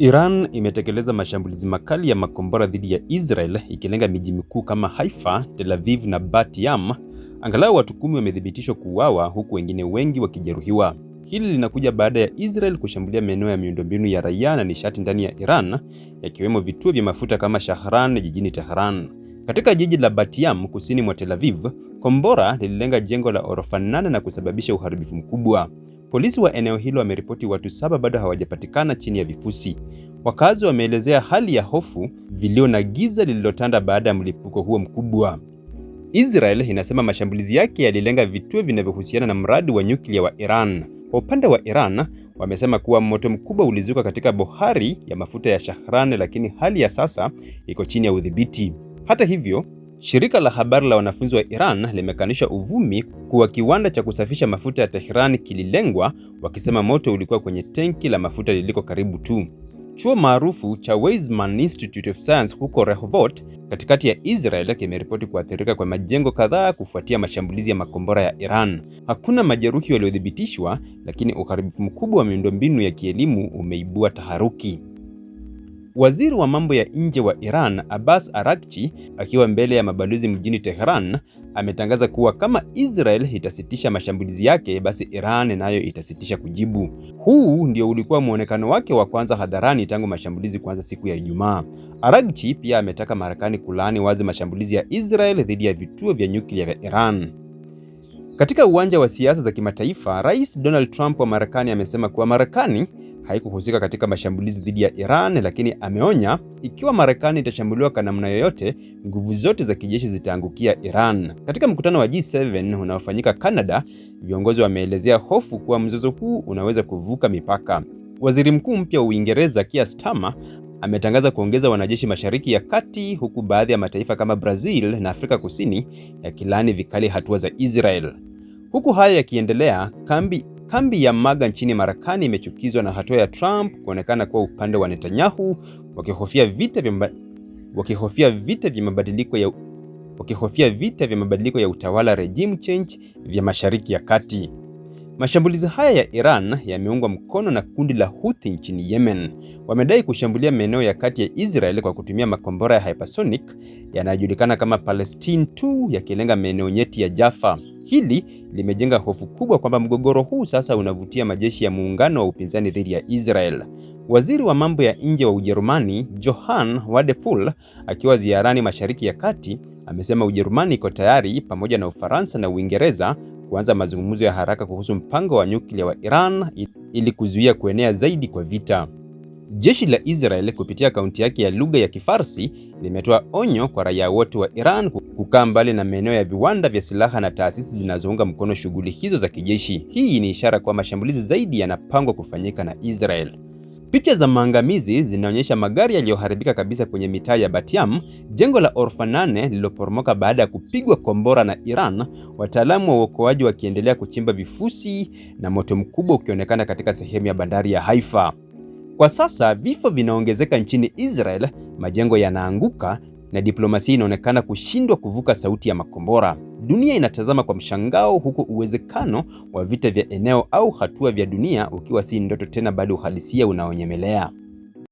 Iran imetekeleza mashambulizi makali ya makombora dhidi ya Israel ikilenga miji mikuu kama Haifa, Tel Aviv na Bat Yam. Angalau watu kumi wamethibitishwa kuuawa huku wengine wengi wakijeruhiwa. Hili linakuja baada ya Israel kushambulia maeneo ya miundombinu ya raia na nishati ndani ya Iran, yakiwemo vituo vya mafuta kama Shahran jijini Tehran. Katika jiji la Bat Yam kusini mwa Tel Aviv, kombora lililenga jengo la orofa nane na kusababisha uharibifu mkubwa. Polisi wa eneo hilo wameripoti watu saba bado hawajapatikana chini ya vifusi. Wakazi wameelezea hali ya hofu, vilio na giza lililotanda baada ya mlipuko huo mkubwa. Israel inasema mashambulizi yake yalilenga vituo vinavyohusiana na mradi wa nyuklia wa Iran. Kwa upande wa Iran, wamesema kuwa moto mkubwa ulizuka katika bohari ya mafuta ya Shahran, lakini hali ya sasa iko chini ya udhibiti. Hata hivyo Shirika la habari la wanafunzi wa Iran limekanisha uvumi kuwa kiwanda cha kusafisha mafuta ya Tehran kililengwa, wakisema moto ulikuwa kwenye tenki la mafuta liliko karibu tu. Chuo maarufu cha Weizmann Institute of Science huko Rehovot katikati ya Israel kimeripoti kuathirika kwa majengo kadhaa kufuatia mashambulizi ya makombora ya Iran. Hakuna majeruhi waliothibitishwa, lakini uharibifu mkubwa wa miundombinu ya kielimu umeibua taharuki. Waziri wa mambo ya nje wa Iran Abbas Araghchi akiwa mbele ya mabalozi mjini Tehran ametangaza kuwa kama Israel itasitisha mashambulizi yake, basi Iran nayo itasitisha kujibu. Huu ndio ulikuwa mwonekano wake wa kwanza hadharani tangu mashambulizi kuanza siku ya Ijumaa. Araghchi pia ametaka Marekani kulaani wazi mashambulizi ya Israel dhidi ya vituo vya nyuklia vya Iran. Katika uwanja wa siasa za kimataifa, Rais Donald Trump wa Marekani amesema kuwa Marekani haikuhusika katika mashambulizi dhidi ya Iran, lakini ameonya ikiwa Marekani itashambuliwa kwa namna yoyote, nguvu zote za kijeshi zitaangukia Iran. Katika mkutano wa G7 unaofanyika Canada, viongozi wameelezea hofu kuwa mzozo huu unaweza kuvuka mipaka. Waziri Mkuu mpya wa Uingereza Keir Starmer ametangaza kuongeza wanajeshi Mashariki ya Kati, huku baadhi ya mataifa kama Brazil na Afrika Kusini yakilaani vikali hatua za Israel. Huku haya yakiendelea, kambi Kambi ya MAGA nchini Marekani imechukizwa na hatua ya Trump kuonekana kuwa upande wa Netanyahu, wakihofia vita vya wakihofia vita vya mabadiliko ya wakihofia vita vya mabadiliko ya utawala regime change vya Mashariki ya Kati. Mashambulizi haya ya Iran yameungwa mkono na kundi la Houthi nchini Yemen. Wamedai kushambulia maeneo ya kati ya Israel kwa kutumia makombora ya hypersonic yanayojulikana kama Palestine 2 yakilenga maeneo nyeti ya Jaffa. Hili limejenga hofu kubwa kwamba mgogoro huu sasa unavutia majeshi ya muungano wa upinzani dhidi ya Israel. Waziri wa mambo ya nje wa Ujerumani, Johann Wadephul, akiwa ziarani Mashariki ya Kati, amesema Ujerumani iko tayari pamoja na Ufaransa na Uingereza kuanza mazungumzo ya haraka kuhusu mpango wa nyuklia wa Iran ili kuzuia kuenea zaidi kwa vita. Jeshi la Israel kupitia kaunti yake ya lugha ya Kifarsi limetoa onyo kwa raia wote wa Iran kukaa mbali na maeneo ya viwanda vya silaha na taasisi zinazounga mkono shughuli hizo za kijeshi. Hii ni ishara kwa mashambulizi zaidi yanapangwa kufanyika na Israel. Picha za maangamizi zinaonyesha magari yaliyoharibika kabisa kwenye mitaa ya Batiam, jengo la orfa nane lililoporomoka baada ya kupigwa kombora na Iran, wataalamu wa uokoaji wakiendelea kuchimba vifusi na moto mkubwa ukionekana katika sehemu ya bandari ya Haifa. Kwa sasa vifo vinaongezeka nchini Israel, majengo yanaanguka na diplomasia inaonekana kushindwa kuvuka sauti ya makombora. Dunia inatazama kwa mshangao, huku uwezekano wa vita vya eneo au hatua vya dunia ukiwa si ndoto tena, bali uhalisia unaonyemelea.